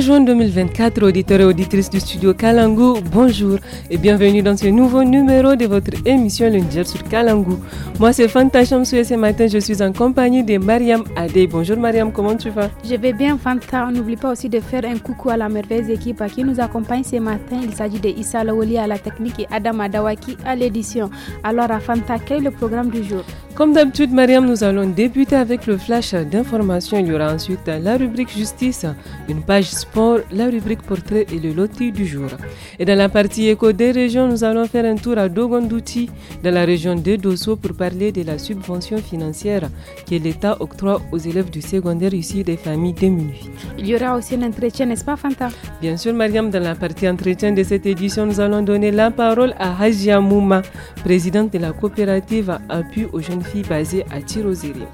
juin 2024, auditeurs et auditrices du studio Kalangu, bonjour et bienvenue dans ce nouveau numéro de votre émission Lundi sur Kalangu. Moi, c'est Fanta Chamsou et ce matin, je suis en compagnie de Mariam Adey. Bonjour Mariam, comment tu vas Je vais bien Fanta. On n'oublie pas aussi de faire un coucou à la merveilleuse équipe qui nous accompagne ce matin. Il s'agit de Issa Lawoli à la technique et Adam Adawaki à l'édition. Alors à Fanta, quel est le programme du jour Comme d'habitude, Mariam, nous allons débuter avec le flash d'information. Il y aura ensuite la rubrique justice, une page sport, la rubrique portrait et le loti du jour. Et dans la partie éco des régions, nous allons faire un tour à Dogondouti, dans la région de Dosso, pour parler de la subvention financière que l'État octroie aux élèves du secondaire issus des familles démunies. Il y aura aussi un entretien, n'est-ce pas, Fanta Bien sûr, Mariam, dans la partie entretien de cette édition, nous allons donner la parole à Hajia Mouma, présidente de la coopérative à appui aux jeunes filles basée à Tiroziria.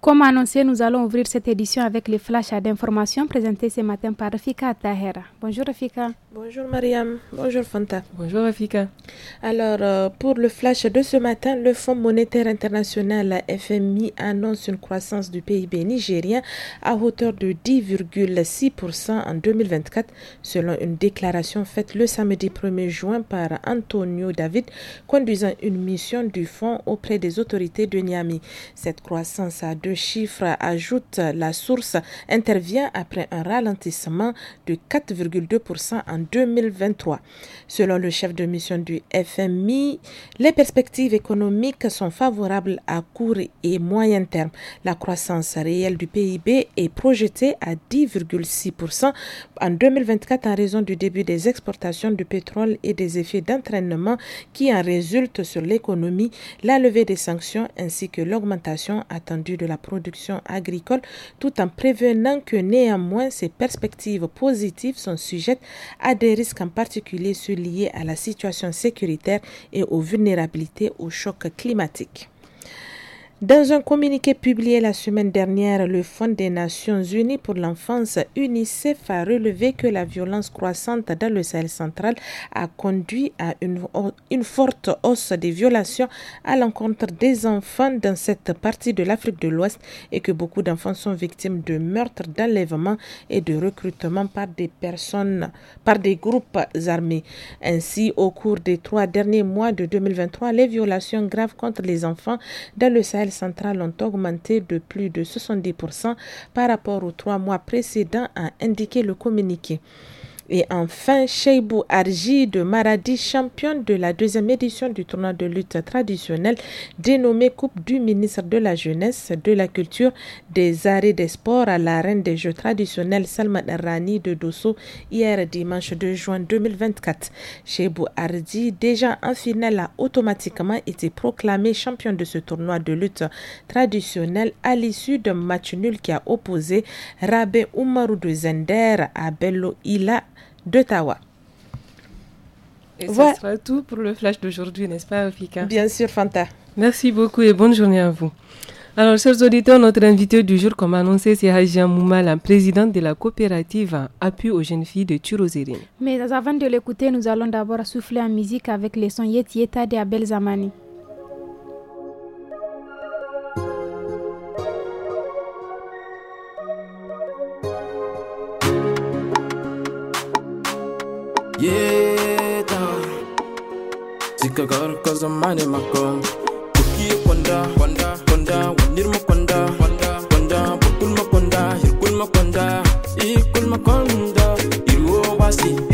Comme annoncé, nous allons ouvrir cette édition avec les flashs d'informations présentés ce matin par Rafika Tahera. Bonjour Rafika. Bonjour Mariam, bonjour Fanta. Bonjour Afika. Alors, euh, pour le flash de ce matin, le Fonds monétaire international FMI annonce une croissance du PIB nigérien à hauteur de 10,6% en 2024, selon une déclaration faite le samedi 1er juin par Antonio David, conduisant une mission du Fonds auprès des autorités de Niamey. Cette croissance à deux chiffres, ajoute la source, intervient après un ralentissement de 4,2% en 2023. Selon le chef de mission du FMI, les perspectives économiques sont favorables à court et moyen terme. La croissance réelle du PIB est projetée à 10,6% en 2024 en raison du début des exportations du pétrole et des effets d'entraînement qui en résultent sur l'économie, la levée des sanctions ainsi que l'augmentation attendue de la production agricole tout en prévenant que néanmoins ces perspectives positives sont sujettes à à des risques en particulier ceux liés à la situation sécuritaire et aux vulnérabilités aux chocs climatiques. Dans un communiqué publié la semaine dernière, le Fonds des Nations Unies pour l'enfance UNICEF a relevé que la violence croissante dans le Sahel central a conduit à une, forte hausse des violations à l'encontre des enfants dans cette partie de l'Afrique de l'Ouest et que beaucoup d'enfants sont victimes de meurtres, d'enlèvements et de recrutements par des personnes, par des groupes armés. Ainsi, au cours des trois derniers mois de 2023, les violations graves contre les enfants dans le Sahel centrales ont augmenté de plus de 70% par rapport aux trois mois précédents, a indiqué le communiqué. Et enfin, Sheibou Arji de Maradi, champion de la deuxième édition du tournoi de lutte traditionnelle dénommé Coupe du ministre de la Jeunesse, de la Culture, des Arts et des Sports à l'arène des Jeux traditionnels Salman Rani de Dosso hier dimanche 2 juin 2024. Sheibou Arji, déjà en finale, a automatiquement été proclamé champion de ce tournoi de lutte traditionnelle à l'issue d'un match nul qui a opposé Rabé Oumarou de Zender à Bello Ila de Et ce sera tout pour le flash d'aujourd'hui, n'est-ce pas, Fika Bien sûr, Fanta. Merci beaucoup et bonne journée à vous. Alors, chers auditeurs, notre invité du jour, comme annoncé, c'est Hajia Mouma, la présidente de la coopérative Appui aux jeunes filles de Turozérine. Mais avant de l'écouter, nous allons d'abord souffler en musique avec les sons Yeti Yeta de Abel Zamani. cause I'm and my gum. Cookie, Wanda, Wanda, Wanda, Wandir Makonda, Wanda, Wanda, Bukul Makonda, Yukul Makonda, Ikul Makonda, Iruo Wasi.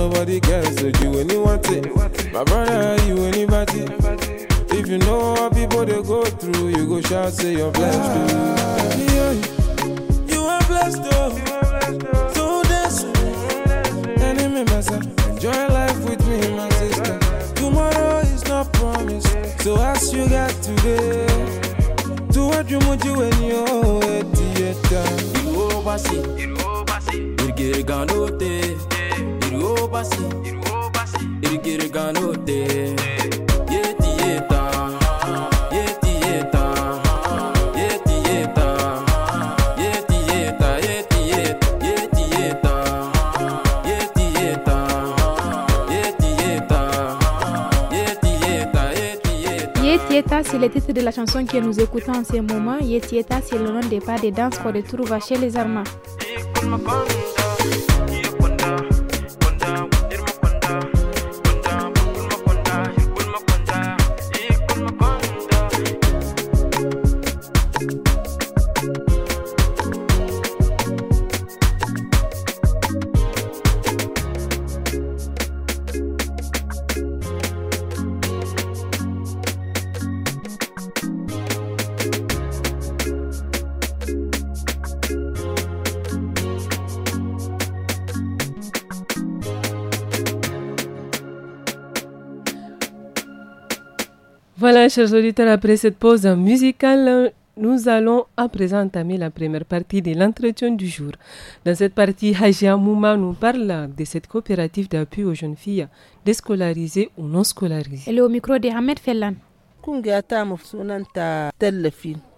nobody cares. So you anyone take my brother, you anybody. If you know what people they go through, you go shout, say you're blessed. Ah, yeah. You are blessed, though. So dance. Enemy Enjoy life with me, my sister. Tomorrow is not promised. So as you got today, do what you want you when you're at theater. You oversee. You oversee. basi irigiriga n'o tɛ yeti ye tan yeti ye tan yeti ye tan yeti ye tan yeti ye yeti ye tan yeti ye tan yeti ye tan yeti ye tan yeti ye tan Yetieta, c'est le titre de la chanson que nous écoutons en ce moment. Yetieta, c'est le nom des pas des danses qu'on retrouve chez les Armands. chers auditeurs, après cette pause musicale, nous allons à présent entamer la première partie de l'entretien du jour. Dans cette partie, Hajia Mouma nous parle de cette coopérative d'appui aux jeunes filles déscolarisées ou non scolarisées. Elle est au micro de Ahmed Fellan.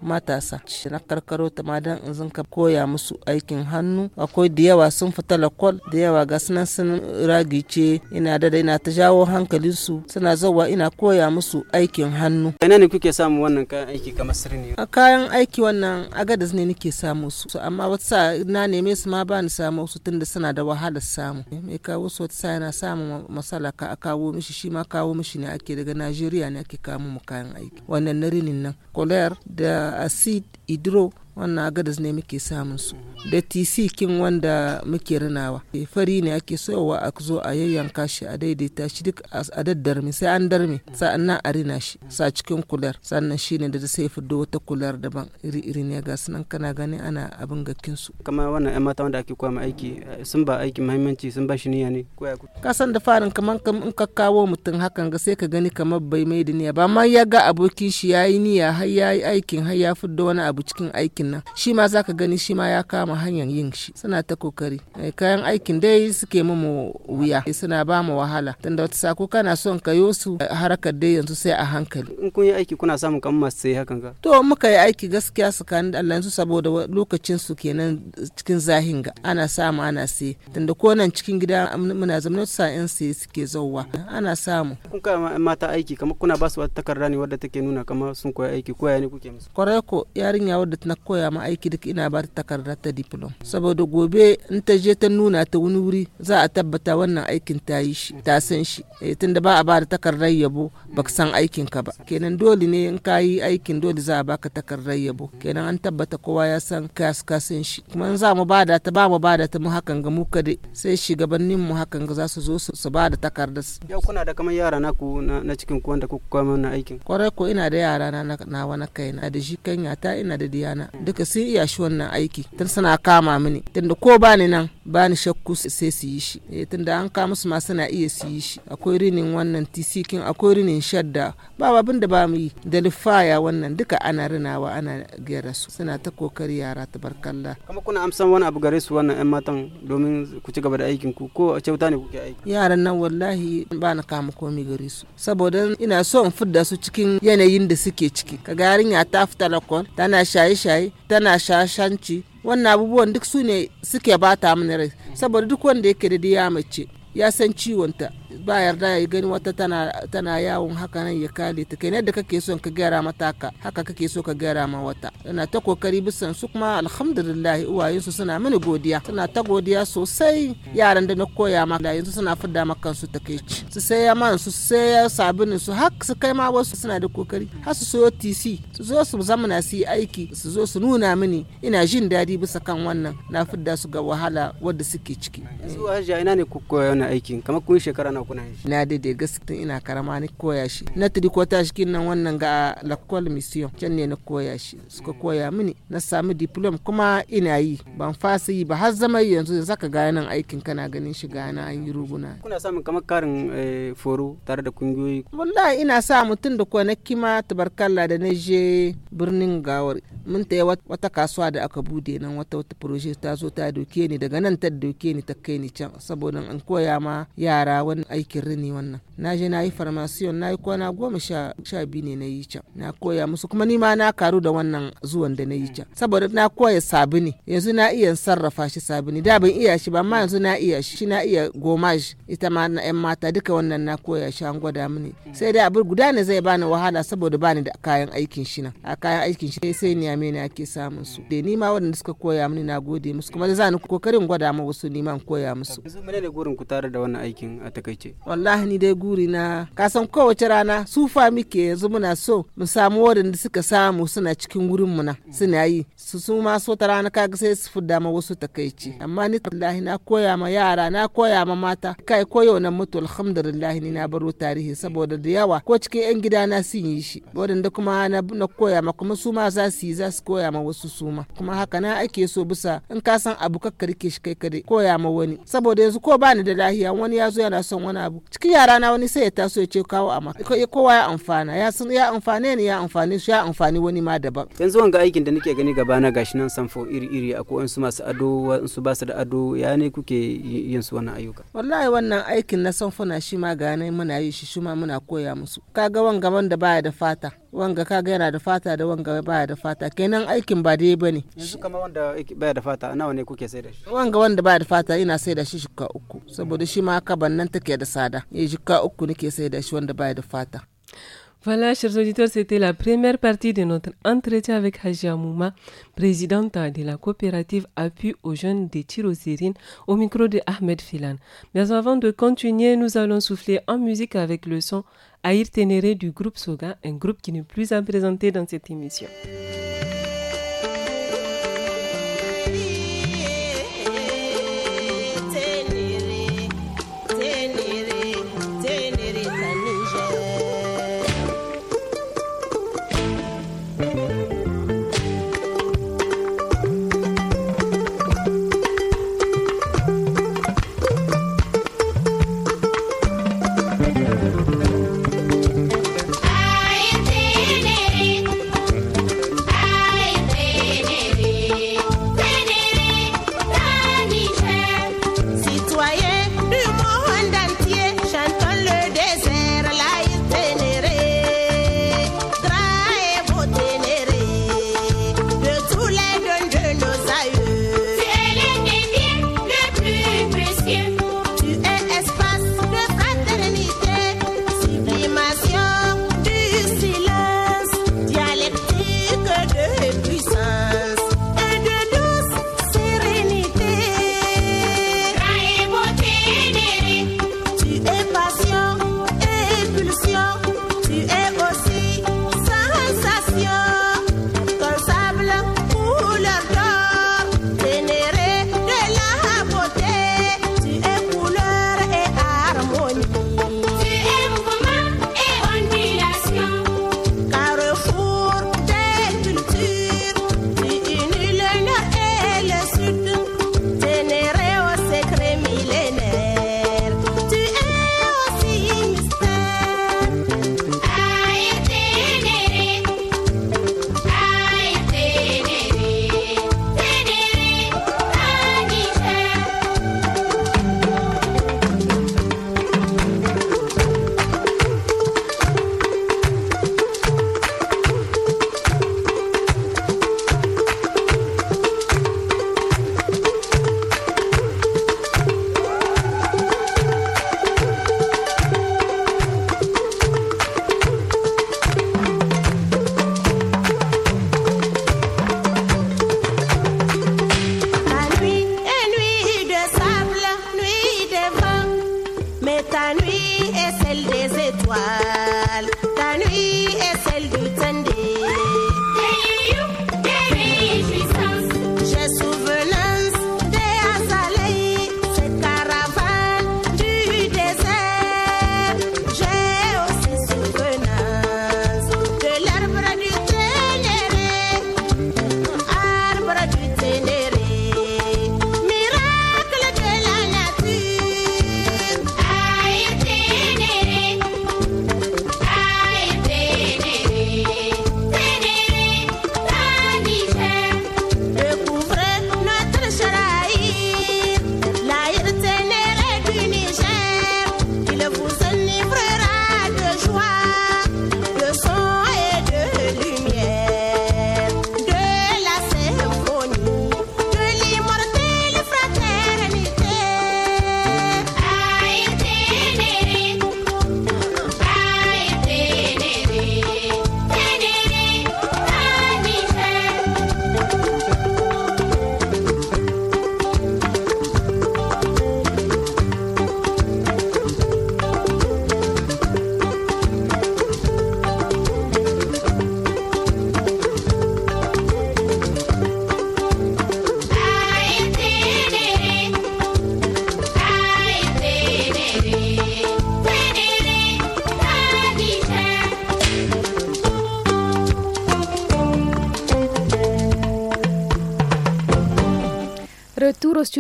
matasa na karkaro ta ma dan in ka koya musu aikin hannu akwai da yawa sun fita lakol da yawa ga sunan sun ragice ina da ina ta jawo su suna zawa ina koya musu aikin hannu ina ne kuke samu wannan kayan aiki kamar sirni a kayan aiki wannan agada ne nake samu su amma wata na neme su ma ba ni samu su tunda suna da wahala samu me kawo su wata yana samu masala ka a kawo mishi shi ma kawo mishi ne ake daga najeriya ne ake kawo mu kayan aiki wannan na rinin nan kolayar da acid hydro wannan agadas ne muke samun su da tc kin wanda muke rinawa eh, fari ne ake soyawa a zo a yayyanka shi a daidaita shi duk a daddarme sai an darme sa'annan a rina shi sa cikin kular sannan shi ne da sai fiddo wata kular daban iri-iri ne ga sunan kana gani ana abin gakin su kama wannan yan mata wanda ake kwama aiki sun ba aiki muhimmanci sun ba shi niyya ne ka san da farin kaman in ka kawo mutum hakan ga sai ka gani kamar bai mai da niyya ba ma ya ga abokin shi yayi niyya har yayi aikin har ya fiddo wani abu cikin aikin aikin nan shi ma ka gani shi ma ya kama hanyar yin shi suna ta kokari eh, kayan aikin dai suke mu wuya eh, suna ba mu wahala tunda wata sako kana son ka yi su eh, harakar dai yanzu sai a hankali in kun yi aiki kuna samun kan masu sai hakan ga to muka yi aiki gaskiya su kan Allah yanzu saboda lokacin su kenan cikin zahin ga ana samu ana sai tunda ko nan cikin gida muna zama sa yan sai suke zauwa ana samu kun ka mata aiki kamar kuna ba su wata takarda ne wadda take nuna kamar sun koyi aiki koya ya ne kuke musu kwarai ko yarinya wadda ta koya ma aiki duk ina ba ta takardar ta diplom saboda gobe in ta je ta nuna ta wani wuri za a tabbata wannan aikin ta yi shi ta san shi eh, tunda ba a ba da takardar yabo ba san aikin ka ba kenan dole ne in ka yi aikin dole za a baka takardar yabo kenan an tabbata kowa ya san ka san shi kuma in za mu ba da ta ba mu ba da ta mu hakan ga mu kade sai shugabannin mu hakan ga za su zo su ba da takardar su yau kuna da kamar yara na ku na cikin ku wanda kuka koya mana aikin kwarai ko ina da yara na na wani kaina da shi kanya ta ina da diyana duka sun iya shi wannan aiki tun suna kama mini tunda ko bani nan bani shakku sai su yi shi eh, tunda an kama su ma suna iya su yi shi akwai rinin wannan tisikin akwai rinin shadda ba abin da ba mu yi da lifaya wannan duka ana rinawa ana gera su suna ta kokari yara tabarkalla kuma kuna amsan wani abu gare su wannan yan matan domin ku ci gaba da aikin ku ko kyauta ne kuke aiki yaran nan wallahi ba na kama komi gare su saboda ina so in fidda su cikin yanayin da suke ciki kaga yarinya ta fita lakon tana shaye shaye tana shashanci wannan abubuwan duk su ne suke bata mana rai saboda duk wanda yake da ya mace ya san ciwonta ba yarda ya gani wata tana tana yawon haka nan ya kale ta kenan da kake son ka gyara mata ka haka kake so ka gyara ma wata ina ta kokari bisan su kuma alhamdulillah uwayensu suna mini godiya suna ta godiya sosai yaran da na koya ma da yanzu suna fidda ma kansu takeici su sai ya man su sai ya sabinin su har su kai ma wasu suna da kokari har su soyo TC su zo su zamana su yi aiki su zo su nuna mini ina jin daɗi bisa kan wannan na fidda su ga wahala wadda suke ciki zuwa ina ne ku koya wani aikin kamar kun shekara na na kuna shi na gaskiya ina karama ni koya shi na tiri ko ta nan wannan ga lakwal mission can ne na koya shi suka koya mini na samu diploma kuma ina yi ban fasa yi ba har zama yanzu yanzu ka ga nan aikin kana ganin shi ga na an yi ruguna kuna samun kamar karin eh, foro tare da kungiyoyi wallahi ina sa mutum da kwanaki ma tabarkalla da na je birnin gawar mun ta wata kasuwa da aka bude nan wata wata proje ta zo ta doke ni daga nan ta doke ni ta kai ni can saboda an koya ma yara wani aikin rini wannan na je na yi farmasiyon na yi kwana goma sha biyu ne na yi can na koya musu kuma ni ma na karu da wannan zuwan da na yi can saboda na koya sabini yanzu na iya sarrafa shi sabini da ban iya shi ba amma yanzu na iya shi na iya gomaj ita ma na yan mata duka wannan na koya shi an gwada mini sai dai abu guda ne zai bani wahala saboda bani da kayan aikin shi nan a kayan aikin shi sai ni ne ake samun su da ni wanda suka koya mini na gode musu kuma da zani kokarin gwada ma wasu ni ma koya musu gurin ku da wannan aikin a ce wallahi ni dai guri na kasan kowace rana sufa muke yanzu muna so mu samu waɗanda suka samu suna cikin wurin mu na suna yi su su ma so ta rana kaga sai su fudda ma wasu takaici amma ni wallahi na koya ma yara na koya ma mata kai koyo na mutu alhamdulillah ni na baro tarihi saboda da yawa ko cikin yan gida na sun yi shi wadanda kuma na koya ma kuma su ma za su yi za su koya ma wasu su ma kuma haka na ake so bisa in ka san abu kakka rike shi kai kadai koya ma wani saboda yanzu ko bani da lahiya wani ya zo yana son wani abu cikin yara na wani sai ya taso ya ce kawo a maka kowa ya amfana ya sun ya amfane ni ya amfane su ya amfani wani ma daban yanzu wanga aikin da nake gani gaba na gashi nan samfo iri iri akwai wasu masu ado wasu ba da ado ya ne kuke yin su wannan ayyuka wallahi wannan aikin na samfo na shi ma ga muna yi shi shi ma muna koya musu kaga wanga wanda baya da fata wanga ka yana da fata da wanga baya da fata kenan aikin ba dai bane yanzu kamar wanda baya da fata nawa ne kuke sai da shi wanga wanda baya da fata ina sai da shi shika uku saboda shi ma kaban nan take da sada ya eh, shika uku nake sai da shi wanda baya da fata Voilà, chers auditeurs, c'était la première partie de notre entretien avec Hajia Mouma, présidente de la coopérative Appui aux jeunes des Tirozérines, au micro de Ahmed Filan. Mais avant de continuer, nous allons souffler en musique avec le son Aïr Ténéré du groupe Soga, un groupe qui n'est plus à présenter dans cette émission.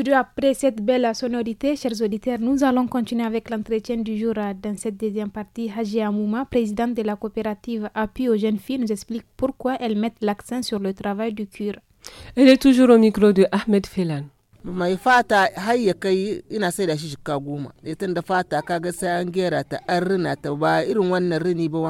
studio après cette belle sonorité. Chers auditeurs, nous allons continuer avec l'entretien du jour dans cette deuxième partie. Haji Amouma, présidente de la coopérative Appui aux jeunes filles, nous explique pourquoi elle met l'accent sur le travail du cure. Elle est toujours au micro de Ahmed Felan. mai fata haye kai ina sai shi shika goma da fata kaga sai an gera ta ta ba irin wannan rini ba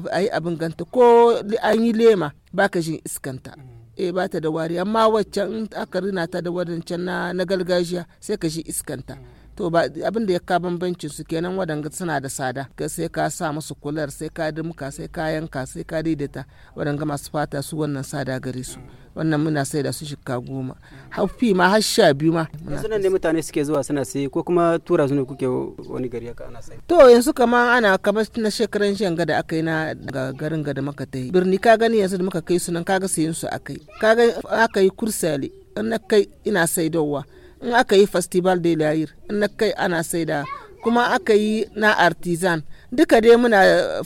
a yi abin ganta ko an yi lema baka jin iskanta e ba ta da wari amma waccan aka rina ta da wadancan na gargajiya sai ka ji iskanta mm. to ba abin da ya ka bambanci su kenan wadanga suna da tsada ka sai ka sa musu kular sai ka dumka sai ka yanka sai ka daidaita wadanga masu fata su wannan tsada gare su wannan muna sai da su shika goma hafi ma har sha biyu ma yanzu nan ne mutane suke zuwa suna sai ko kuma tura su ne kuke wani gari ka ana sai to yanzu kama ana kamar na shekaran shan gada aka yi na garin gada maka ta yi birni ka gani yanzu da muka kai su nan kaga sayin su akai kaga aka yi kursale in na kai ina saidowa in aka yi festival de layir in na kai ana saida kuma aka yi na artisan duka dai muna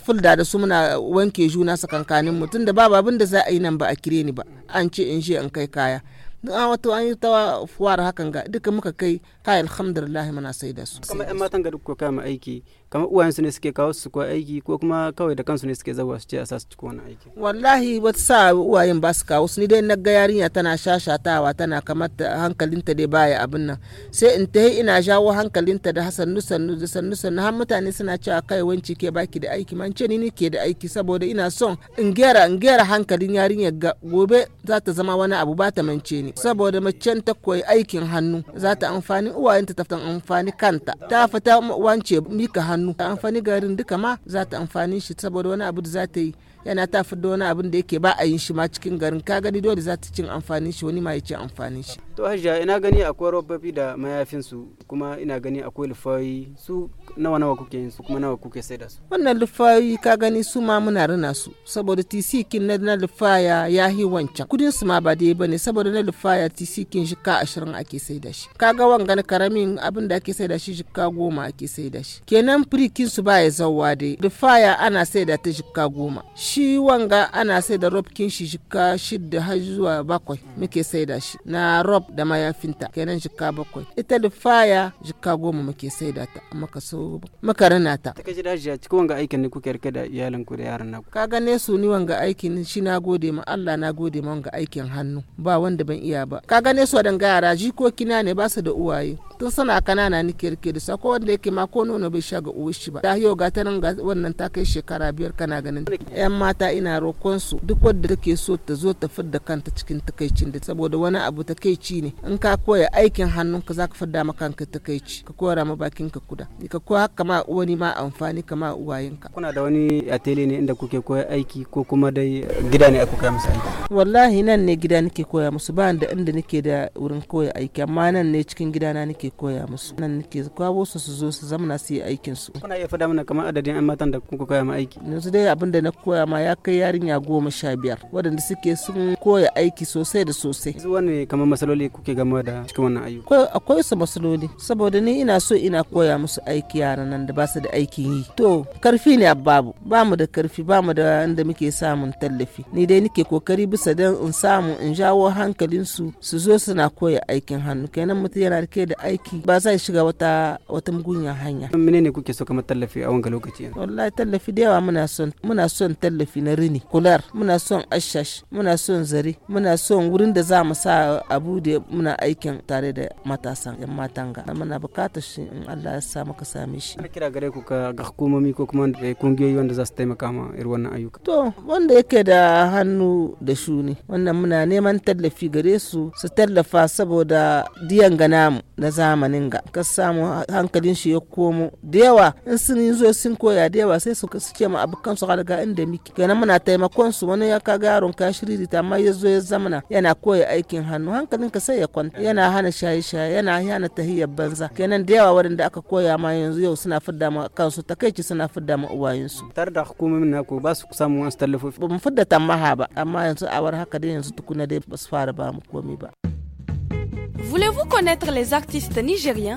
fulda da su muna wanke juna sakankanin mutum da babu abin da za a yi nan ba a kire ni ba an ce in je in kai kaya duk an wato an yi fuwar hakan ga duka muka kai kai alhamdulillah muna sai da su kuma yan matan gari ko kama aiki kamar uwayensu ne suke kawo su ko aiki ko kuma kawai da kansu ne suke zawa su ce a sa su cikin wani aiki wallahi wata sa uwayen ba su kawo su ni dai na ga yarinya tana shashatawa tana kamar hankalinta dai baya abin nan sai in ta ina jawo hankalinta da sannu sannu da sannu sannu har mutane suna cewa kai wanci ke baki da aiki man ce ni ke da aiki saboda ina son in gera in gera hankalin yarinya ga gobe za ta zama wani abu ba ta mance ni saboda mace ta koyi aikin hannu za ta amfani uwayenta ta amfani kanta ta fita wance mika hannu ta amfani garin duka ma za ta amfani shi saboda wani abu da za ta yi yana ta da wani abin da yake ba a yin shi ma cikin garin ka gani dole za ta cin amfanin shi wani ma ya ci amfanin shi to hajiya ina gani akwai robobi da mayafin su kuma ina gani akwai lufayi su nawa nawa kuke yin su kuma nawa kuke sai da su wannan lufayi ka gani su ma muna rina su saboda tisikin na na lufaya ya yi wancan kudin su ma ba dai bane saboda na lufaya tisikin shika ashirin ake sai da shi kaga wangan karamin abin da ake sai da shi shika goma ake sai da shi kenan firikin su ba ya zauwa dai lufaya ana sai da ta shika goma shi wanga ana sai da rob kin shi shika shidda har zuwa bakwai muke sai da shi na rob da mayafinta kenan shika bakwai ita da faya shika goma muke sai da ta ka so muka rana ta kaje da shi cikin wanga aikin ne kuke rike da iyalin ku da yaran naku ka gane su ni wanga aikin shi na gode ma Allah na gode ma wanga aikin hannu ba wanda ban iya ba ka gane su dan yara jikokina ne ba su da uwaye tun sana kanana nike rike da sako wanda yake ma ko nono bai sha ga uwar shi ba ta yau ga ta nan wannan ta kai shekara biyar kana ganin yan mata ina roƙon su duk wadda take so ta zo ta fidda kanta cikin takaici da saboda wani abu takaici ne in ka koya aikin hannun ka zaka fidda maka kanka takaici ka kora ma bakin ka kuda ka ko haka ma wani ma amfani ka ma uwayenka kuna da wani atele ne inda kuke koya aiki ko kuma dai gida ne aka koya musu aiki wallahi nan ne gida nake koya musu ba da inda nake da wurin koya aiki amma nan ne cikin gidana nake koya musu nan nake kawo su su zo su zamana su yi aikin su kuna iya fada mana kamar adadin an matan da kuka koya ma aiki yanzu dai abin da na koya ma ma ya kai yarinya goma sha biyar waɗanda suke sun koya aiki sosai da sosai. Yanzu wani kamar masaloli kuke game da cikin wannan ayyuka? Akwai su masaloli saboda ni ina so ina koya musu aiki yaran nan da ba su da aikin yi. To karfi ne babu ba mu da karfi ba mu da inda muke samun tallafi. Ni dai nake kokari bisa dan in samu in jawo hankalin su su zo suna koya aikin hannu kenan mutum yana rike da aiki ba zai shiga wata wata mugunyar hanya. Mene ne kuke so kamar tallafi a wanga lokaci? Wallahi tallafi da yawa muna son muna son tallafi tallafi na rini kular muna son ashash muna son zare muna son wurin da za mu sa abu da muna aikin tare da matasan yan matan ga muna bukatar shi in Allah ya sa muka same shi ana kira gare ku ga hukumomi ko kuma eh, kungiyoyi wanda za su taimaka ma irin wannan ayyuka to wanda yake da hannu da shuni wannan muna neman tallafi gare su su tallafa saboda diyan ga namu na zamanin ga ka samu hankalin shi ya komo da yawa in sun yi zo sun koya da yawa sai su ce ma abukan su ga inda muke kenan muna taimakon su wani ya kaga yaron ka shiririta amma ya zo ya zamana yana koya aikin hannu hankalin ka sai ya kwanta yana hana shaye shaye yana hana tahiyar banza kenan da yawa wadanda aka koya ma yanzu yau suna fidda ma kansu takaici suna fidda ma su tar da hukumomin ko ba su samu wasu tallafofi ba mu fidda maha ba amma yanzu a haka dai yanzu tukuna dai ba su fara ba mu komi ba Voulez-vous connaître les artistes nigériens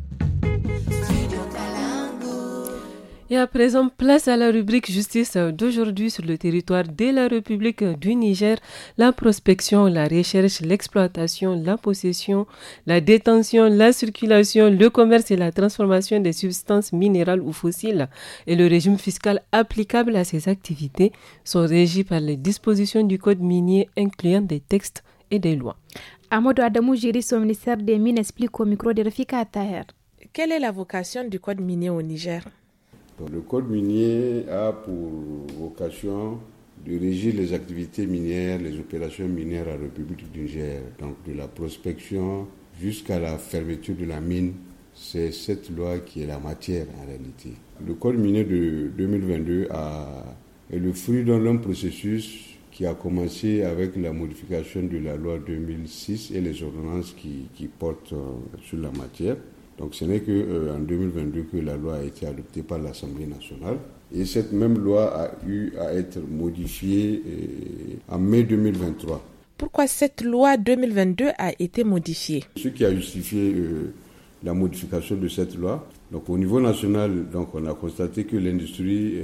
Et à présent, place à la rubrique justice d'aujourd'hui sur le territoire de la République du Niger. La prospection, la recherche, l'exploitation, la possession, la détention, la circulation, le commerce et la transformation des substances minérales ou fossiles et le régime fiscal applicable à ces activités sont régis par les dispositions du Code minier incluant des textes et des lois. Amadou Adamou, juriste au ministère des Mines, explique au micro de Rafika Quelle est la vocation du Code minier au Niger le code minier a pour vocation de régir les activités minières, les opérations minières à la République du donc de la prospection jusqu'à la fermeture de la mine. C'est cette loi qui est la matière en réalité. Le code minier de 2022 est le fruit d'un long processus qui a commencé avec la modification de la loi 2006 et les ordonnances qui portent euh, sur la matière. Donc ce n'est qu'en euh, 2022 que la loi a été adoptée par l'Assemblée nationale. Et cette même loi a eu à être modifiée euh, en mai 2023. Pourquoi cette loi 2022 a été modifiée Ce qui a justifié euh, la modification de cette loi, donc au niveau national, donc on a constaté que l'industrie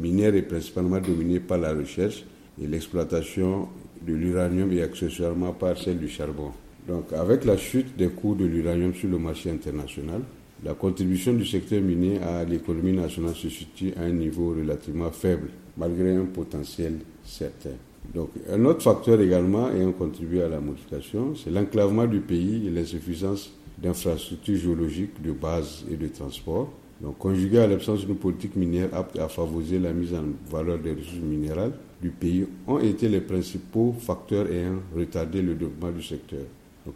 minière est principalement dominée par la recherche et l'exploitation de l'uranium et accessoirement par celle du charbon. Donc avec la chute des coûts de l'uranium sur le marché international, la contribution du secteur minier à l'économie nationale se situe à un niveau relativement faible, malgré un potentiel certain. Donc, un autre facteur également ayant contribué à la modification, c'est l'enclavement du pays et l'insuffisance d'infrastructures géologiques de base et de transport. Donc, conjugué à l'absence d'une politique minière apte à favoriser la mise en valeur des ressources minérales du pays, ont été les principaux facteurs ayant retardé le développement du secteur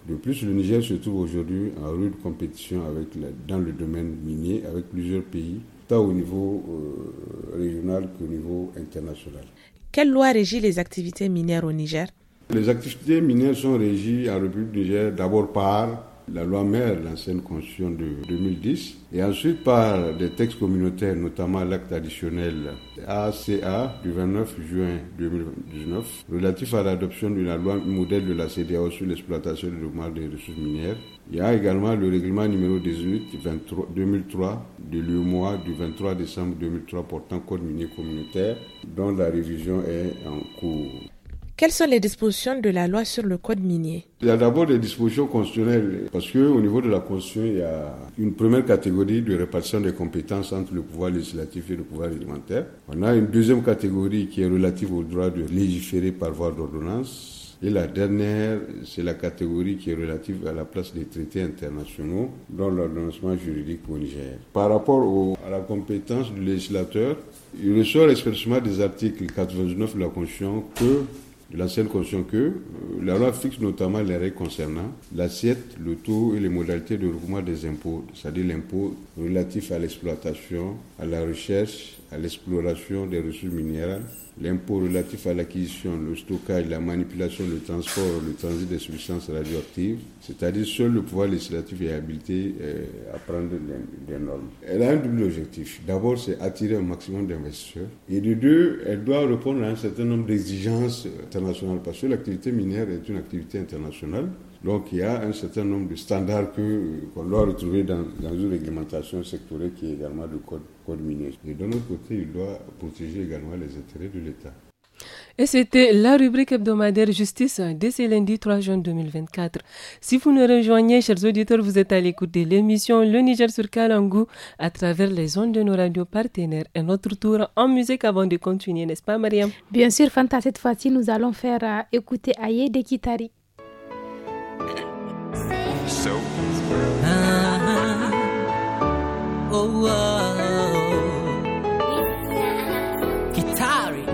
de plus, le Niger se trouve aujourd'hui en rude compétition dans le domaine minier avec plusieurs pays, tant au niveau euh, régional qu'au niveau international. Quelle loi régit les activités minières au Niger Les activités minières sont régies en République du Niger d'abord par la loi mère, l'ancienne constitution de 2010, et ensuite par des textes communautaires, notamment l'acte additionnel ACA du 29 juin 2019, relatif à l'adoption d'une loi modèle de la CDAO sur l'exploitation du des ressources minières. Il y a également le règlement numéro 18 2003 de l'UMOA du 23 décembre 2003 portant code minier communautaire, dont la révision est en cours. Quelles sont les dispositions de la loi sur le code minier Il y a d'abord des dispositions constitutionnelles, parce qu'au niveau de la Constitution, il y a une première catégorie de répartition des compétences entre le pouvoir législatif et le pouvoir réglementaire. On a une deuxième catégorie qui est relative au droit de légiférer par voie d'ordonnance. Et la dernière, c'est la catégorie qui est relative à la place des traités internationaux dans l'ordonnancement juridique au Niger. Par rapport à la compétence du législateur, il ressort expressément des articles 89 de la Constitution que L'ancienne conscience que euh, la loi fixe notamment les règles concernant l'assiette, le taux et les modalités de recouvrement des impôts, c'est-à-dire l'impôt relatif à l'exploitation, à la recherche, à l'exploration des ressources minérales l'impôt relatif à l'acquisition, le stockage, la manipulation, le transport, le transit des substances radioactives, c'est-à-dire seul le pouvoir législatif est habilité euh, à prendre des normes. Elle a un double objectif. D'abord, c'est attirer un maximum d'investisseurs. Et de deux, elle doit répondre à un certain nombre d'exigences internationales, parce que l'activité minière est une activité internationale. Donc il y a un certain nombre de standards euh, qu'on doit retrouver dans, dans, une réglementation sectorielle qui est également du code, code minier. Et de l'autre côté, il doit protéger également les intérêts de l'État. Et c'était la rubrique hebdomadaire Justice dès ce lundi 3 juin 2024. Si vous nous rejoignez, chers auditeurs, vous êtes à l'écoute de l'émission Le Niger sur Kalangou à travers les ondes de nos radios partenaires. Et notre tour en musique avant de continuer, n'est-ce pas, Mariam Bien sûr, Fanta, cette fois-ci, nous allons faire euh, écouter Aye de Kitari. Kitari.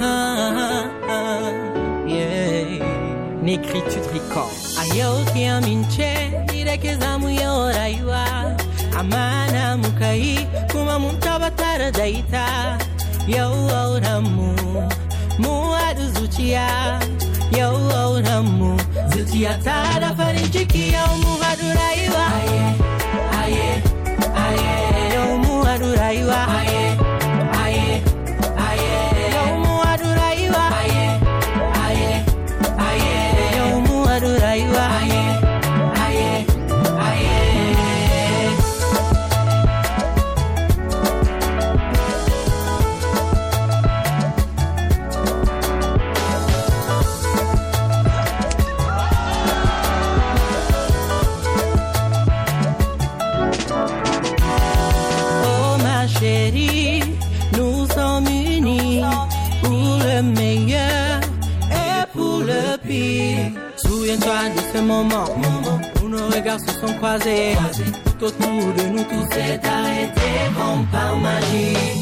Ah, Negritude Record. Ayokiaminche, irekezamu yoraiwa. Amana mukai, kuma muntabatara daita. Yauramu, mu, zuciya. Yauramu, yau ta da farin ciki yau mu hadu rayuwa. Aye, aye yeah. yau mu haɗu Maman, moment, moment où nos regards se sont croisés. Tout autour de nous, tout s'est arrêté, bon par magie.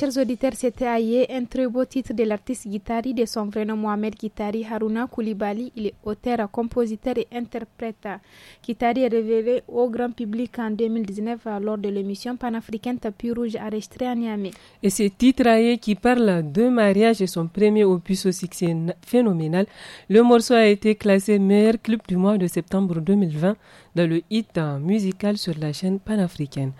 chers auditeurs, c'était Aye, un très beau titre de l'artiste guitari de son vrai nom Mohamed Guitari Haruna Koulibaly. Il est auteur, compositeur et interprète. Guitari est révélé au grand public en 2019 euh, lors de l'émission panafricaine Tapu Rouge enregistrée à Niamey. Et ce titre Aïe qui parle de mariage et son premier opus au succès phénoménal, le morceau a été classé meilleur club du mois de septembre 2020 dans le hit euh, musical sur la chaîne panafricaine.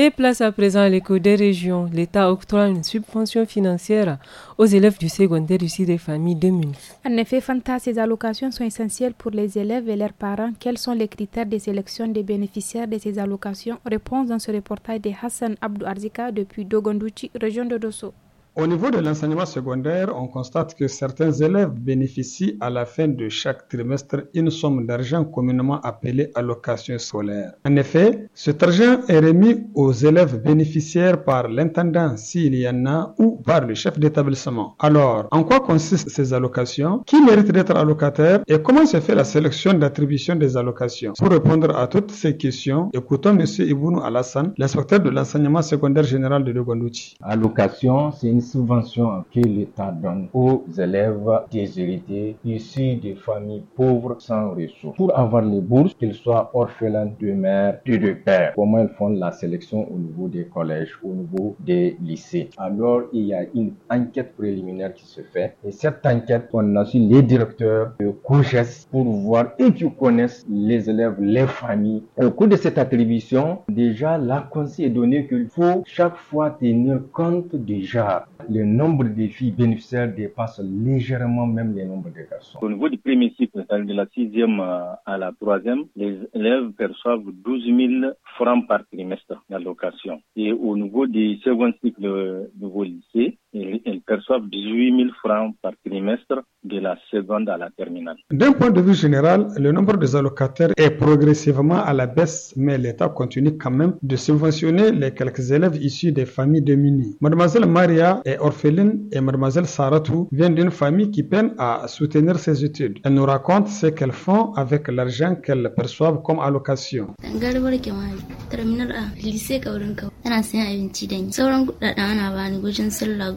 Et place à présent à l'écho des régions. L'État octroie une subvention financière aux élèves du secondaire ici des familles de Munich. En effet, Fanta, ces allocations sont essentielles pour les élèves et leurs parents. Quels sont les critères de sélection des bénéficiaires de ces allocations Réponse dans ce reportage de Hassan Abdou Arzika depuis Dogondouchi, région de Dosso. Au niveau de l'enseignement secondaire, on constate que certains élèves bénéficient à la fin de chaque trimestre une somme d'argent communément appelée allocation scolaire. En effet, cet argent est remis aux élèves bénéficiaires par l'intendant s'il y en a ou par le chef d'établissement. Alors, en quoi consistent ces allocations Qui mérite d'être allocataire et comment se fait la sélection d'attribution des allocations Pour répondre à toutes ces questions, écoutons M. Ibounou Alassane, l'inspecteur de l'enseignement secondaire général de Lugondouchi. Allocation, c'est une subventions que l'État donne aux élèves déshérités issus de familles pauvres sans ressources. Pour avoir les bourses, qu'ils soient orphelins de mère et de père. Comment ils font la sélection au niveau des collèges, au niveau des lycées. Alors, il y a une enquête préliminaire qui se fait. Et cette enquête, on a su les directeurs de COGES pour voir et qui connaissent les élèves, les familles. Au cours de cette attribution, déjà, la conseil est donné qu'il faut chaque fois tenir compte déjà le nombre de filles bénéficiaires dépasse légèrement même le nombre de garçons. Au niveau du premier cycle, de la sixième euh, à la troisième, les élèves perçoivent 12 000 francs par trimestre d'allocation. Et au niveau du second cycle de euh, vos lycées, ils, perçoivent 18 000 francs par trimestre de la seconde à la terminale. D'un point de vue général, le nombre des allocataires est progressivement à la baisse, mais l'État continue quand même de subventionner les quelques élèves issus des familles démunies. Mademoiselle Maria est orpheline et Mademoiselle Saratou vient d'une famille qui peine à soutenir ses études. Elle nous raconte ce qu'elles font avec l'argent qu'elle perçoivent comme allocation.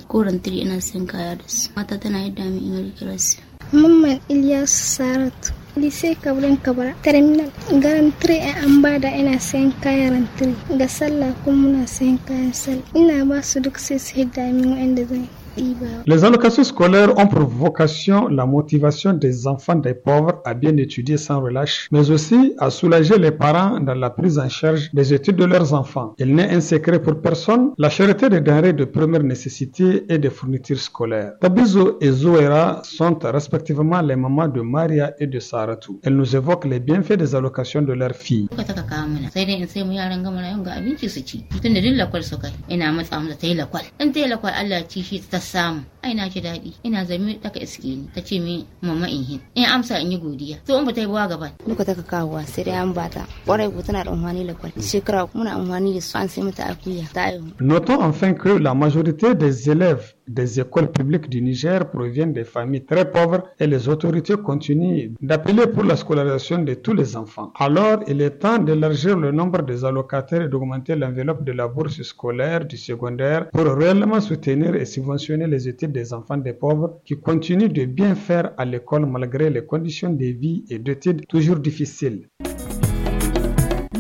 koren tiri ina sayan kaya da su mata tana yadda min in kira su mamman ilyas saratu lise kabrin kabara terminal garan tire a eh, an bada ina sayan kayan rantiri ga sallah kuma muna sayan kayan sallah ina ba su duk sai su hidda min wa'anda zai Les allocations scolaires ont pour vocation la motivation des enfants des pauvres à bien étudier sans relâche, mais aussi à soulager les parents dans la prise en charge des études de leurs enfants. Il n'est un secret pour personne, la charité des denrées de première nécessité et des fournitures scolaires. Tabizo et Zoera sont respectivement les mamans de Maria et de Saratou. Elles nous évoquent les bienfaits des allocations de leurs filles samu ai na ji daɗi ina zame taka iske ni ta ce min mama in hin in amsa in yi godiya to in ba ta yi buwa gaban duka ta kawowa sai dai an bata kwarai ko tana da amfani da kwal shekara muna amfani da su an sai mata akuya ta aihu notons enfin que la majorité des élèves des écoles publiques du Niger proviennent des familles très pauvres et les autorités continuent d'appeler pour la scolarisation de tous les enfants. Alors, il est temps d'élargir le nombre des allocataires et d'augmenter l'enveloppe de la bourse scolaire du secondaire pour réellement soutenir et subventionner les études des enfants des pauvres qui continuent de bien faire à l'école malgré les conditions de vie et d'études toujours difficiles.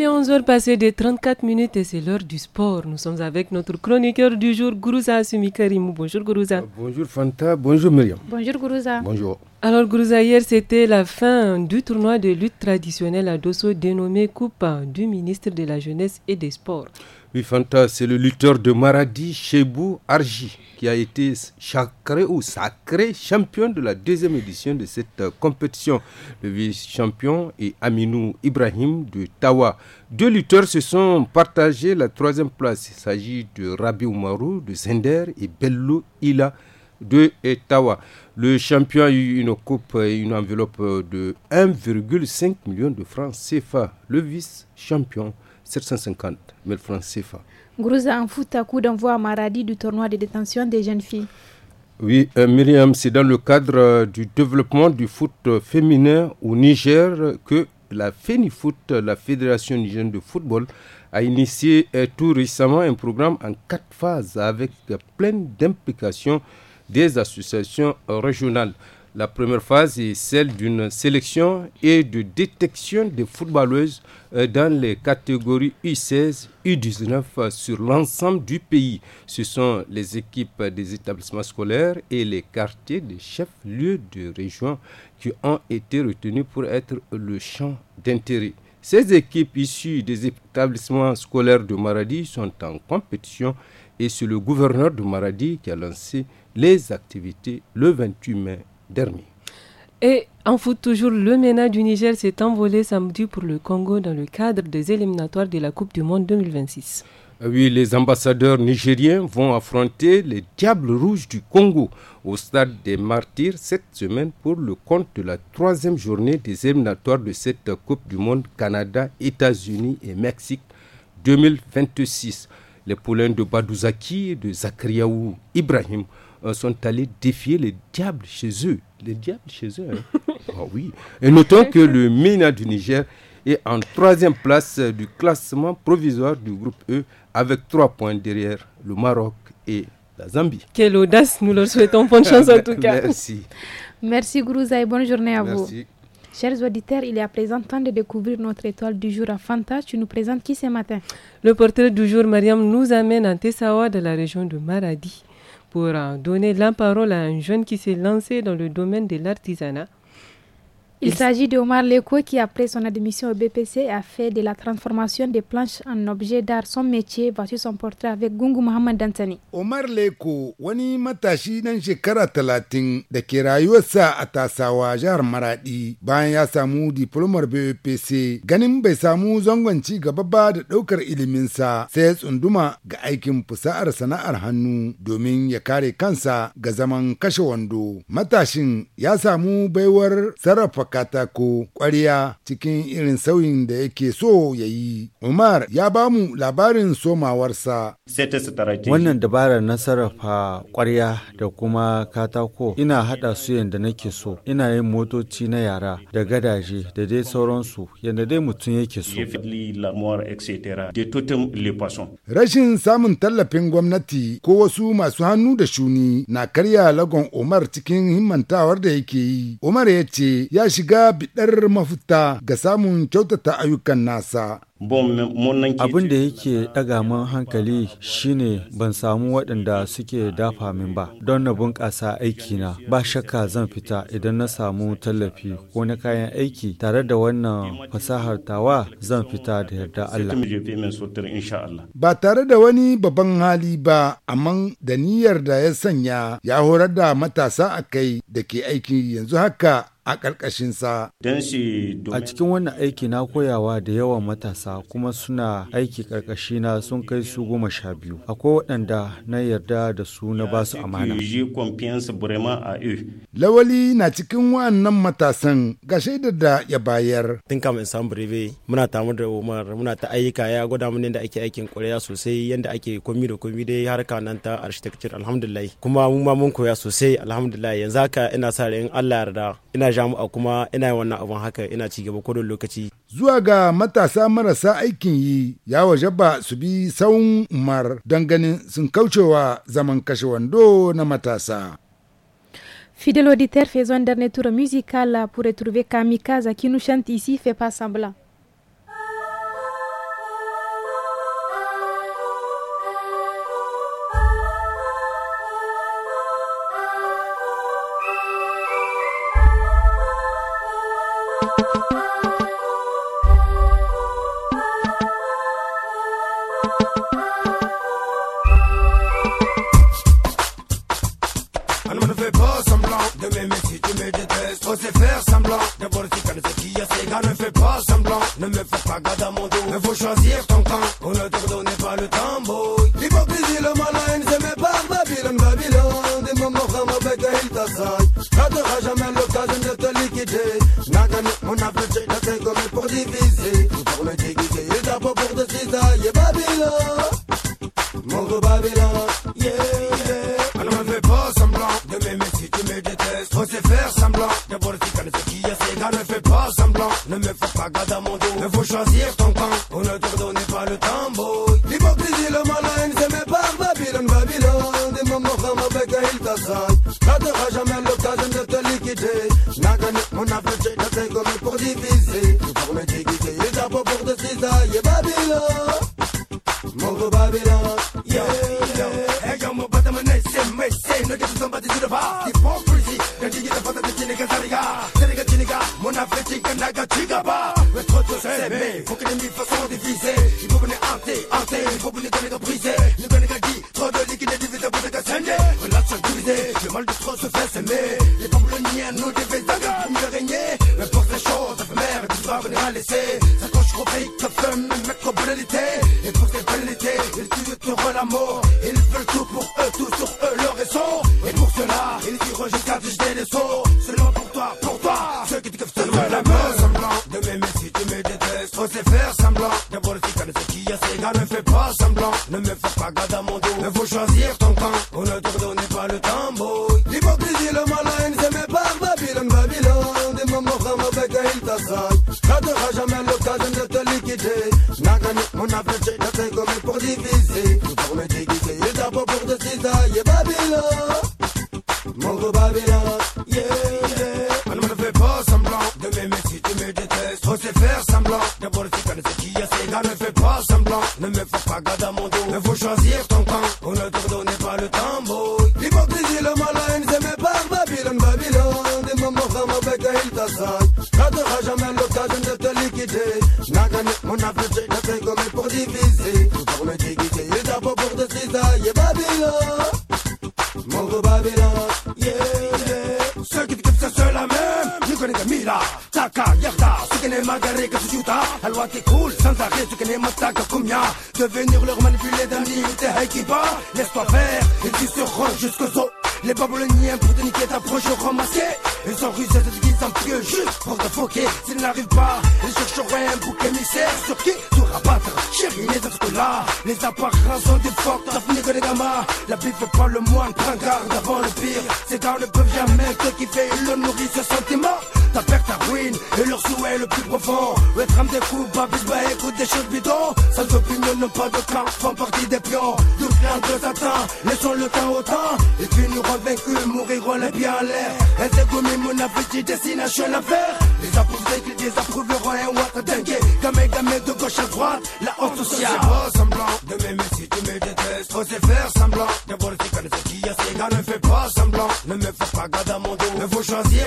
Il est 11h passé des 34 minutes et c'est l'heure du sport. Nous sommes avec notre chroniqueur du jour, Gourouza Assumi Karimou. Bonjour Gourouza. Euh, bonjour Fanta, bonjour Myriam. Bonjour Gourouza. Bonjour. Alors Gourouza, hier c'était la fin du tournoi de lutte traditionnelle à Dosso dénommé Coupe du ministre de la Jeunesse et des Sports. Oui, Fanta, c'est le lutteur de Maradi, Chebou Arji, qui a été sacré ou sacré champion de la deuxième édition de cette euh, compétition. Le vice-champion est Aminou Ibrahim de Tawa. Deux lutteurs se sont partagés la troisième place. Il s'agit de Rabi Oumarou de Zender et Bello Ila de Tawa. Le champion a eu une coupe et une enveloppe de 1,5 million de francs CFA. Le vice-champion, 750 le en foot à coup d'envoi à Maradi du tournoi de détention des jeunes filles. Oui, euh, Myriam, c'est dans le cadre euh, du développement du foot euh, féminin au Niger que la FENIFOOT, la Fédération nigérienne de football, a initié tout récemment un programme en quatre phases avec pleine d'implications des associations régionales. La première phase est celle d'une sélection et de détection des footballeuses euh, dans les catégories U16, U19 euh, sur l'ensemble du pays. Ce sont les équipes des établissements scolaires et les quartiers des chefs-lieux de région qui ont été retenus pour être le champ d'intérêt. Ces équipes issues des établissements scolaires de Maradi sont en compétition et c'est le gouverneur de Maradi qui a lancé les activités le 28 mai et en foot toujours, le MENA du Niger s'est envolé samedi pour le Congo dans le cadre des éliminatoires de la Coupe du Monde 2026. Ah oui, les ambassadeurs nigériens vont affronter les Diables Rouges du Congo au stade des Martyrs cette semaine pour le compte de la troisième journée des éliminatoires de cette Coupe du Monde Canada, États-Unis et Mexique 2026. Les poulains de Badouzaki et de Zakriaou Ibrahim euh, sont allés défier les diables chez eux. Les diables chez eux. Hein. ah oui. Et notons que le Mina du Niger est en troisième place du classement provisoire du groupe E avec trois points derrière le Maroc et la Zambie. Quelle audace, nous leur souhaitons bonne chance en tout cas. Merci. Merci Gourouza et bonne journée à Merci. Chers auditeurs, il est à présent temps de découvrir notre étoile du jour à Fanta. Tu nous présentes qui ce matin Le portrait du jour, Mariam, nous amène à Tessawa de la région de Maradi pour euh, donner la parole à un jeune qui s'est lancé dans le domaine de l'artisanat il s'agit d'Omar Leko qui, après son admission au BPC, a fait de la transformation des planches en objet d'art son métier. Voici son portrait avec Gungu Mohamed Dantani. Omar Leko, wani matashi nan shekara talatin da ke rayuwarsa a Maradi bayan ya samu diplomar BPC ganin bai samu zangon ci gaba ba da ɗaukar iliminsa sai ya tsunduma ga aikin fusa'ar sana'ar hannu domin kansa ga zaman kashe wando. Matashin ya samu baiwar katako ƙwarya cikin irin sauyin da yake so ya yi. Umar ya ba mu labarin somawarsa. Wannan dabarar na sarrafa ƙwarya da kuma katako ina haɗa su yadda nake so, ina yin motoci na yara da gadaje da dai sauransu yadda dai mutum yake so. Rashin samun tallafin gwamnati ko wasu masu hannu da shuni na karya lagon Umar cikin himmantawar da yake yi. Umar ya ce ya shiga biɗar mafita ga samun kyautata ayyukan nasa abin da yake ɗaga man hankali shine ban samu waɗanda suke dafa min ba don na bunƙasa aikina ba shakka zan fita idan na samu tallafi ko na kayan aiki tare da wannan fasahar tawa zan fita da yarda Allah. Ba tare da wani babban hali ba amma da niyyar da ya sanya ya horar da matasa a kai da ke aiki yanzu haka a ƙarƙashinsa. A cikin wannan aiki na koyawa da yawan matasa kuma suna aiki na sun kai su goma sha biyu. Akwai waɗanda na yarda da su na ba su amana. Lawali na cikin wannan matasan ga shaidar da ya bayar. tinka mai in samu muna tamu da Umar muna ta ayyuka ya gwada mun yadda ake aikin ƙwarya sosai yadda ake komi da komi dai harka nan ta architecture alhamdulillah kuma mun ma mun koya sosai alhamdulillah yanzu haka ina sa ran Allah yarda ina jamu'a kuma ina wannan abun haka ina ci gaba kodon lokaci zuwa ga matasa marasa aikin yi ya waje ba su bi saun umar don ganin sun kaucewa zaman kashe wando na matasa. Fidèle auditeur, faisons un dernier tour musical pour retrouver Kamikaze qui nous chante ici, fait pas semblant. sait faire semblant. D'abord, si gars, ne fais pas semblant, ne me fais pas garde à mon dos. Il faut choisir choisir ton camp. On ne te pas le tambour. L'hypocrisie, le malin, c'est mes par Babylone, Babylone. Des mamans avec un Hiltasai. Ça jamais l'occasion de te liquider. Nagane, mon appel, commis pour diviser. pour me déguiser, et ta pas pour te cisailler. intéressante. Ça n'aura jamais l'occasion de te liquider. Nagani, mon affaire, de tes commis pour diviser. pour me déguiser, et pas pour te cisailler. Babylone, mon gros Babylone, yeah, yeah. ne me fais pas semblant de m'aimer si tu me détestes. Trop c'est faire semblant. D'abord, si tu ne sait qui est, c'est Ne fais pas semblant. Ne me fais pas garder à mon dos. Il faut choisir ton camp. On ne On a plus de qu'on pour diviser. Pour me déguiser, et d'abord pour de cisailler. Babylone, mon gros Babylone, yeah, yeah. Ceux qui te kiffent, c'est ceux-là même. je connais Camila, Taka, Yarda. Ceux qui n'aiment Magaré, que tu tout La loi qui cool, sans arrêt. Ceux qui n'aiment Taka, Kumia. Devenir leur manipuler d'un limité, qui bat. Laisse-toi faire, et tu se jusqu'au sol Les Babyloniens, pour te niquer, proche, au ramassier. Ils ont juste pour te foquer S'il n'arrive pas, je chercherai un bouc émissaire Sur qui tout rabattre Chérie, les autres là Les apparences sont des fortes, t'as fini que les gamins La vie fait pas le moins prends garde avant le pire c'est dans le peuvent jamais qui fait ils le nourrissent ce sentiment ta perte, ta ruine, et leur souhait le plus profond. le trame des coups, babis, bah écoute des choses bidons. Sans opinion, non pas de temps, font partie des pions. nous rien de Satan, laissons le temps au temps. Et puis nous revaincus, mourirons les bien en l'air dis destination l'enfer. Les le qui désapprouveront un hein, water dingue. Gamé, gamé de gauche à droite, la haute sociale. C'est pas semblant de mes si tu me détestes. Oh, c'est faire semblant. D'abord, ne qui y a ne fais pas semblant. Ne me fais pas garder à mon dos. faut choisir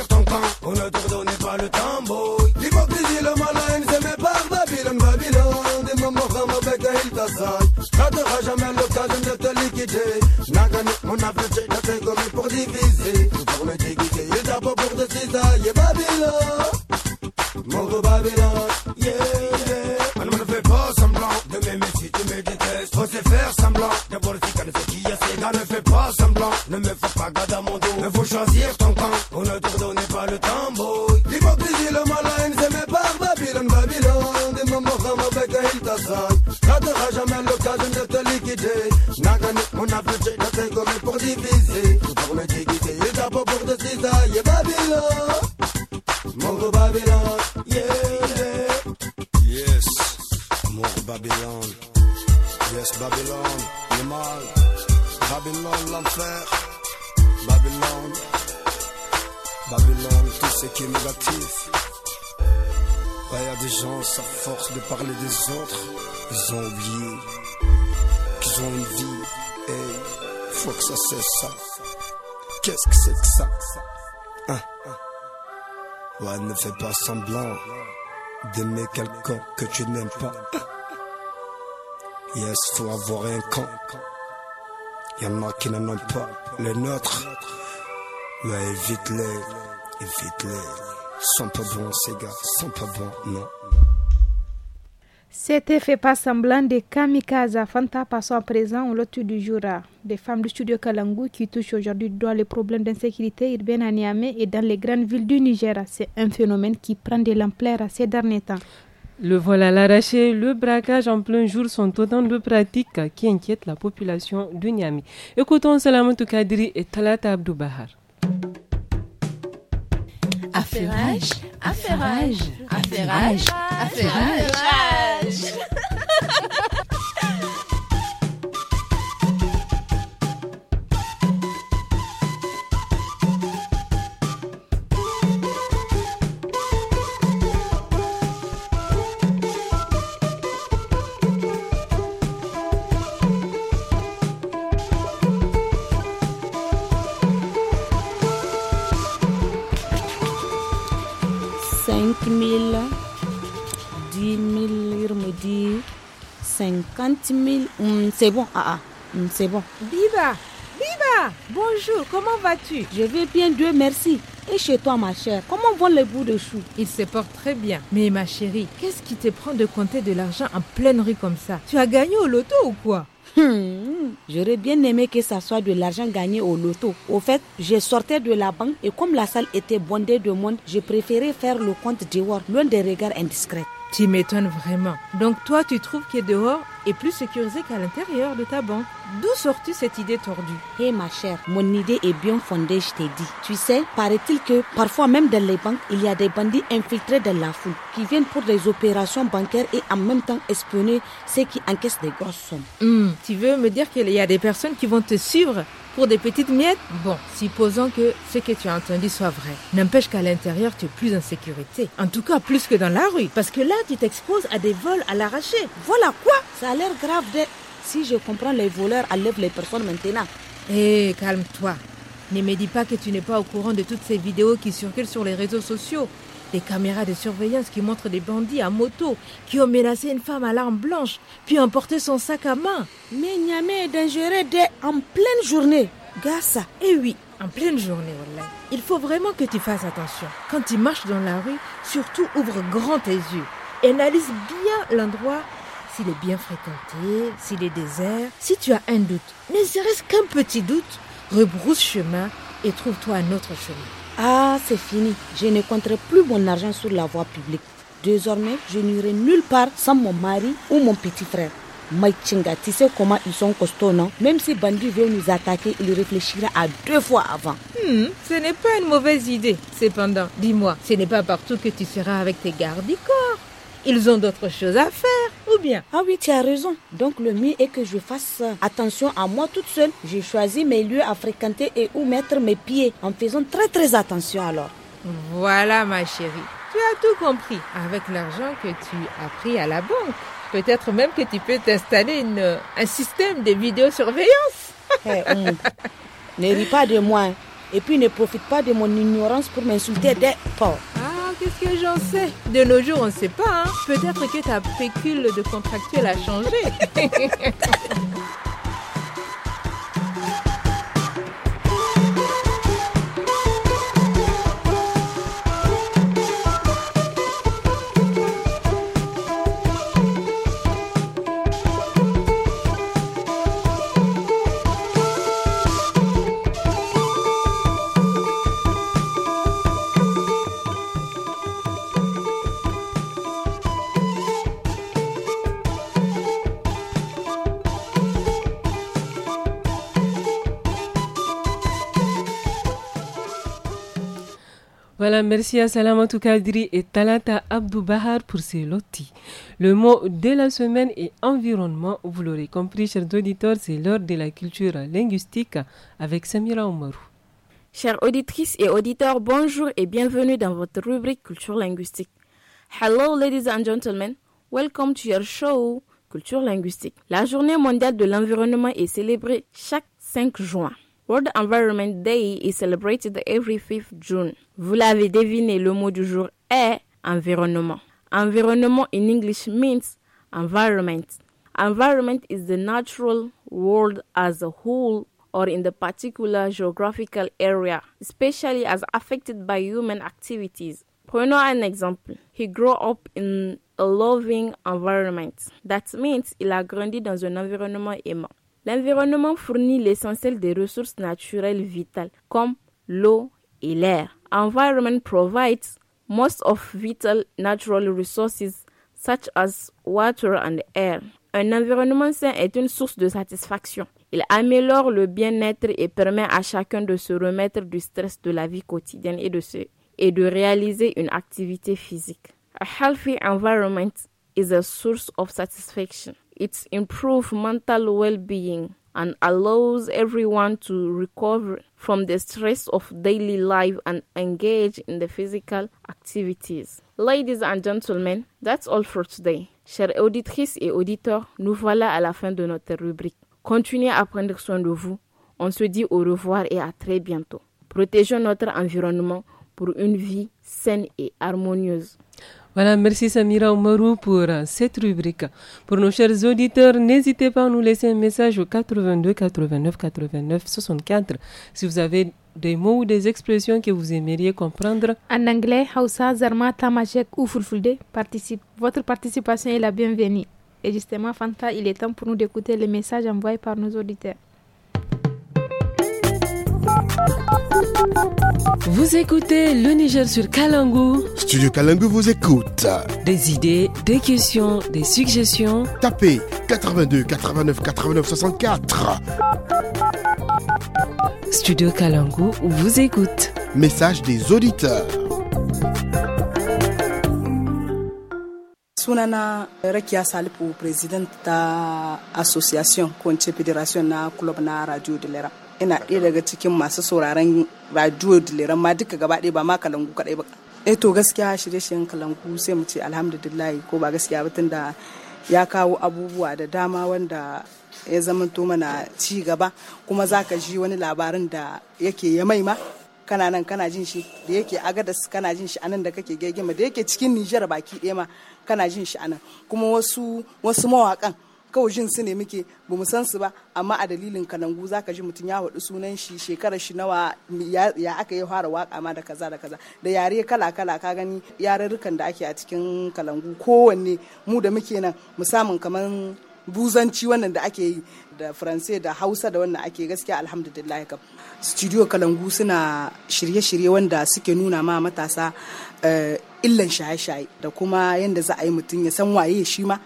gagné mon afflèche, j'ai t'es gommé pour diviser. Pour me déguiser, et d'abord pour te cisailler. Babylone, mon gros Babylon. yeah, yeah. Alors, ne fais pas semblant de mes si tu me détestes. Faut se faire semblant. D'abord, si ne fait qui y a, c'est Non ne fais pas semblant. Ne me fais pas garder à mon dos. Ne faut choisir ton camp. On ne te pas. Babylon, yeah, Babylon. Mongo Babylon, yeah, yeah. Yes, Mongo Babylon. Yes, Babylon, le mal. Babylon, l'enfer. Babylon. Babylon, tout ce qui est négatif. Il y a des gens, à force de parler des autres, ils ont oublié qu'ils ont une vie. hey, faut que ça cesse ça. Qu'est-ce que c'est que ça hein, hein Ouais, ne fais pas semblant d'aimer quelqu'un que tu n'aimes pas. Yes, faut avoir un camp. Y'en a qui n'en ont pas. Les nôtres, ouais, évite-les, évite-les. Sont pas bons, ces gars, sont pas bons, non. Cet effet pas semblant des kamikazes Fanta passant à présent au lot du jour des femmes du studio Kalangu qui touchent aujourd'hui doigt les problèmes d'insécurité urbaine à Niamey et dans les grandes villes du Niger. C'est un phénomène qui prend de l'ampleur à ces derniers temps. Le vol à l'arraché, le braquage en plein jour sont autant de pratiques qui inquiètent la population du Niamey. Écoutons Salamou Kadri et Talata Abdou Bahar. affairage, affairage, affairage. Mm, c'est bon, ah, ah. Mm, c'est bon. viva Biba, bonjour, comment vas-tu Je vais bien, Dieu merci. Et chez toi, ma chère, comment vont les bouts de chou Ils se portent très bien. Mais ma chérie, qu'est-ce qui te prend de compter de l'argent en pleine rue comme ça Tu as gagné au loto ou quoi hmm, J'aurais bien aimé que ça soit de l'argent gagné au loto. Au fait, je sortais de la banque et comme la salle était bondée de monde, j'ai préféré faire le compte dehors, loin des regards indiscrets. Tu m'étonnes vraiment. Donc toi, tu trouves que dehors, et plus sécurisé qu'à l'intérieur de ta banque. D'où sortit cette idée tordue Hé eh, ma chère, mon idée est bien fondée, je t'ai dit. Tu sais, paraît-il que parfois même dans les banques, il y a des bandits infiltrés dans la foule qui viennent pour des opérations bancaires et en même temps espionner ceux qui encaissent des grosses sommes. Hmm, tu veux me dire qu'il y a des personnes qui vont te suivre pour des petites miettes Bon, supposons que ce que tu as entendu soit vrai. N'empêche qu'à l'intérieur, tu es plus en sécurité. En tout cas, plus que dans la rue. Parce que là, tu t'exposes à des vols à l'arraché. Voilà quoi Ça l'air grave de... Si je comprends, les voleurs enlèvent les personnes maintenant. Hé, eh, calme-toi. Ne me dis pas que tu n'es pas au courant de toutes ces vidéos qui circulent sur les réseaux sociaux. Des caméras de surveillance qui montrent des bandits à moto qui ont menacé une femme à l'arme blanche, puis emporté son sac à main. Mais Niamey est dangereux dès en pleine journée. Gassa. Eh oui, en pleine journée, Il faut vraiment que tu fasses attention. Quand tu marches dans la rue, surtout ouvre grand tes yeux. analyse bien l'endroit s'il est bien fréquenté, s'il est désert. Si tu as un doute, ne serait-ce qu'un petit doute, rebrousse chemin et trouve-toi un autre chemin. Ah, c'est fini. Je ne compterai plus mon argent sur la voie publique. Désormais, je n'irai nulle part sans mon mari ou mon petit frère. Mike Chinga, tu sais comment ils sont costauds, non Même si Bandi veut nous attaquer, il réfléchira à deux fois avant. Hmm, ce n'est pas une mauvaise idée. Cependant, dis-moi, ce n'est pas partout que tu seras avec tes gardes corps ils ont d'autres choses à faire. Ou bien Ah oui, tu as raison. Donc le mieux est que je fasse attention à moi toute seule. J'ai choisi mes lieux à fréquenter et où mettre mes pieds en faisant très très attention alors. Voilà ma chérie. Tu as tout compris avec l'argent que tu as pris à la banque. Peut-être même que tu peux t'installer une, un système de vidéosurveillance. Eh, hum. Ne ris pas de moi. Et puis ne profite pas de mon ignorance pour m'insulter des pauvres. Ah. Hein, qu'est-ce que j'en sais De nos jours, on ne sait pas. Hein. Peut-être que ta pécule de contractuel a changé. Voilà, merci à Salamatou Kadri et Talata Abdou Bahar pour ces lotis. Le mot de la semaine est environnement. Vous l'aurez compris, chers auditeurs, c'est l'heure de la culture linguistique avec Samira Omarou. Chers auditrices et auditeurs, bonjour et bienvenue dans votre rubrique culture linguistique. Hello, ladies and gentlemen. Welcome to your show culture linguistique. La journée mondiale de l'environnement est célébrée chaque 5 juin. World Environment Day is celebrated every 5th June. Vous l'avez deviné, le mot du jour est environnement. Environnement in English means environment. Environment is the natural world as a whole or in the particular geographical area, especially as affected by human activities. Prenons un exemple. He grew up in a loving environment. That means il a grandi dans un environnement aimant. L'environnement fournit l'essentiel des ressources naturelles vitales comme l'eau et l'air. Environment provides most of vital natural resources such as water and air. Un environnement sain est une source de satisfaction. Il améliore le bien-être et permet à chacun de se remettre du stress de la vie quotidienne et de, et de réaliser une activité physique. A healthy environment is a source of satisfaction. It improves mental well being and allows everyone to recover from the stress of daily life and engage in the physical activities. Ladies and gentlemen, that's all for today. Chers auditrices et auditeurs, nous voilà à la fin de notre rubrique. Continuez à prendre soin de vous. On se dit au revoir et à très bientôt. Protégeons notre environnement pour une vie saine et harmonieuse. Voilà, merci Samira Omarou pour euh, cette rubrique. Pour nos chers auditeurs, n'hésitez pas à nous laisser un message au 82 89 89 64 si vous avez des mots ou des expressions que vous aimeriez comprendre. En anglais, Hausa, Zarma, tamajek ou Fulfulde, participe. votre participation est la bienvenue. Et justement, Fanta, il est temps pour nous d'écouter les messages envoyés par nos auditeurs. Vous écoutez le Niger sur Kalangou. Studio Kalangou vous écoute. Des idées, des questions, des suggestions. Tapez 82 89 89 64. Studio Kalangou vous écoute. Message des auditeurs. sunana ta association contre fédération na club na radio de l'era ina ɗaya daga cikin masu sauraron radio diliran ma duka gaba ɗaya ba ma kalangu kaɗai ba eh to gaskiya shirye-shiryen kalangu sai mu ce alhamdulillah ko ba gaskiya ba da ya kawo abubuwa da dama wanda ya zamanto mana ci gaba kuma zaka ji wani labarin da yake ya maima kana nan kana jin shi da yake agadas kana jin shi anan da kake ma da yake cikin Nijar baki ɗaya ma kana jin shi anan kuma wasu wasu mawakan kawai jin su ne muke ba mu san su ba amma a dalilin kanangu zaka ji mutum ya haɗu sunan shi shekarar shi nawa ya aka yi fara waka ma da kaza da kaza da yare kala kala ka gani yarurrukan da ake a cikin kalangu kowanne mu da muke nan musamman kamar buzanci wannan da ake yi da faransai da hausa da wannan ake gaskiya alhamdulillah kam studio kalangu suna shirye-shirye wanda suke nuna ma matasa eh, illan shaye-shaye da kuma yadda za a yi mutum ya san waye shi ma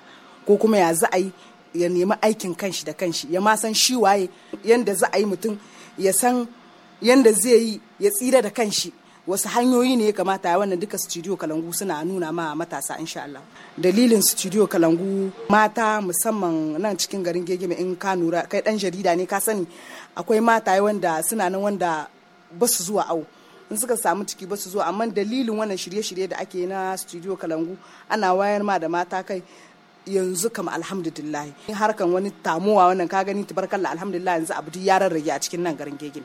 ko kuma ya za a yi ya nemi aikin kanshi da kanshi ya ma san shi waye yadda za a yi mutum ya san yadda zai yi ya tsira da kanshi wasu hanyoyi ne ya kamata wannan duka studio kalangu suna nuna ma matasa insha Allah dalilin studio kalangu mata musamman nan cikin garin gegeme in ka nura kai dan jarida ne ka sani akwai mata wanda suna nan wanda ba su zuwa au in suka samu ciki ba su zuwa amma dalilin wannan shirye-shirye da ake na studio kalangu ana wayar ma da mata kai yanzu kam alhamdulillah in harkan wani tamuwa wannan ka gani tabarkalla alhamdulillah yanzu abu duk ya rarrage a cikin nan garin gegin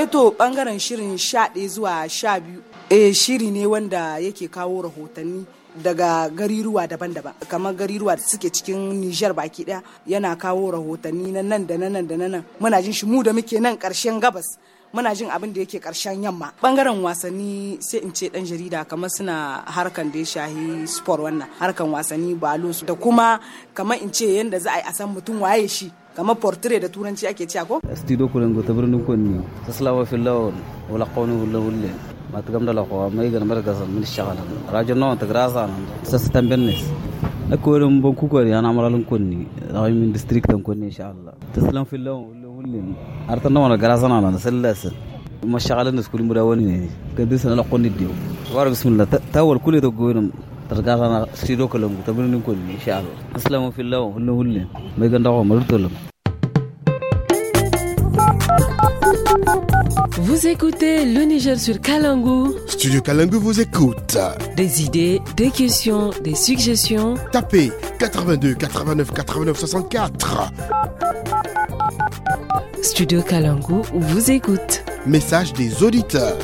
eh to bangaren shirin sha ɗaya zuwa sha biyu eh shiri ne wanda yake kawo rahotanni daga gariruwa daban-daban kamar gariruwa da suke cikin Nijar baki ɗaya yana kawo rahotanni na nan da nan da nan muna jin shi mu da muke nan karshen gabas muna jin abin da yake karshen yamma bangaren wasanni sai in ce dan jarida kamar suna harkan da ya shahi sport wannan harkan wasanni balo da kuma kamar in ce yadda za a yi a san mutum waye shi kamar portrait da turanci ake cewa ko studio kuren go tabrin birnin kunni taslawa fil lawl wala qawnu wala wala ma gamda dala ko mai gan mar gasan min rajin nawa ta grasa nan sas tambenes akorin ban kukori ana maralin kunni a min district tan konni insha Allah taslam fil Vous écoutez le Niger sur Kalangu. Studio Kalangu vous écoute. Des idées, des questions, des suggestions. Tapez 82 89 89 64. Studio Kalangu vous écoute. Message des auditeurs.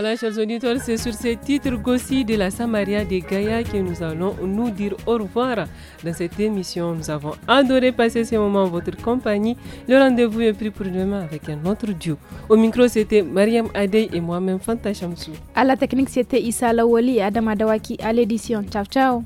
Voilà, chers auditeurs, c'est sur ce titre Gossi de la Samaria des Gaïa que nous allons nous dire au revoir dans cette émission. Nous avons adoré passer ce moment en votre compagnie. Le rendez-vous est pris pour demain avec un autre duo. Au micro, c'était Mariam Adey et moi-même Fanta Chamsou. À la technique, c'était Issa Lawoli et Adam Adawaki à l'édition. Ciao, ciao!